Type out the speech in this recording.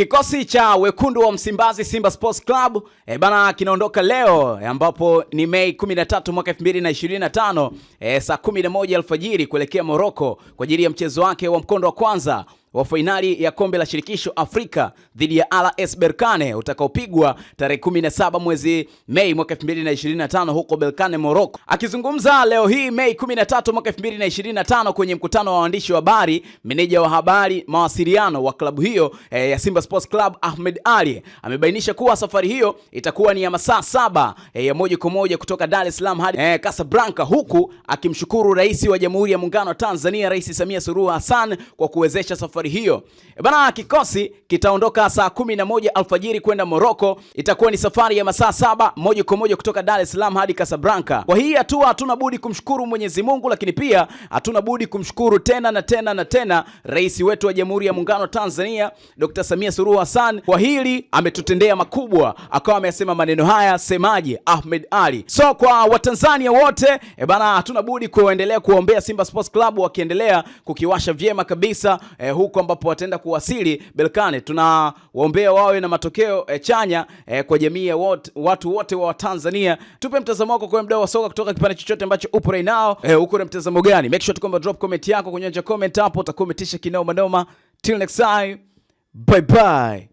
Kikosi cha wekundu wa Msimbazi Simba Sports Club e, bana kinaondoka leo eh, ambapo ni Mei 13 mwaka 2025 e, eh, saa 11 alfajiri kuelekea Morocco kwa ajili ya mchezo wake wa mkondo wa kwanza wa fainali ya kombe la shirikisho Afrika dhidi ya RS Berkane utakaopigwa tarehe 17 mwezi Mei mwaka 2025 huko Berkane, Morocco. Akizungumza leo hii Mei 13 mwaka 2025 kwenye mkutano wa waandishi wa habari, meneja wa habari mawasiliano wa klabu hiyo eh, ya Simba Sports Club Ahmed Ali amebainisha kuwa safari hiyo itakuwa ni ya masaa saba eh, ya moja kwa moja kutoka Dar es Salaam hadi eh, Casablanca, huku akimshukuru Rais wa Jamhuri ya Muungano wa Tanzania Rais Samia Suluhu Hassan kwa kuwezesha safari safari hiyo. E bana, kikosi kitaondoka saa kumi na moja alfajiri kwenda Morocco. Itakuwa ni safari ya masaa saba moja kwa moja kutoka Dar es Salaam hadi Casablanca. Kwa hii hatua hatuna budi kumshukuru Mwenyezi Mungu, lakini pia hatuna budi kumshukuru tena na tena na tena rais wetu wa Jamhuri ya Muungano wa Tanzania Dr. Samia Suluhu Hassan. Kwa hili ametutendea makubwa, akawa amesema maneno haya semaji Ahmed Ali. So kwa Watanzania wote e bana, hatuna budi kuendelea kuombea Simba Sports Club wakiendelea kukiwasha vyema kabisa e, huku huko ambapo wataenda kuwasili Berkane. Tunawaombea wawe na matokeo e, chanya e, kwa jamii ya watu wote wa Tanzania. Tupe mtazamo wako kwa mdau wa soka kutoka kipande chochote ambacho upo right now. E, uko na mtazamo gani? Make sure tukomba drop comment yako kwenye comment hapo, utakometisha kinao manoma. Till next time. Bye bye.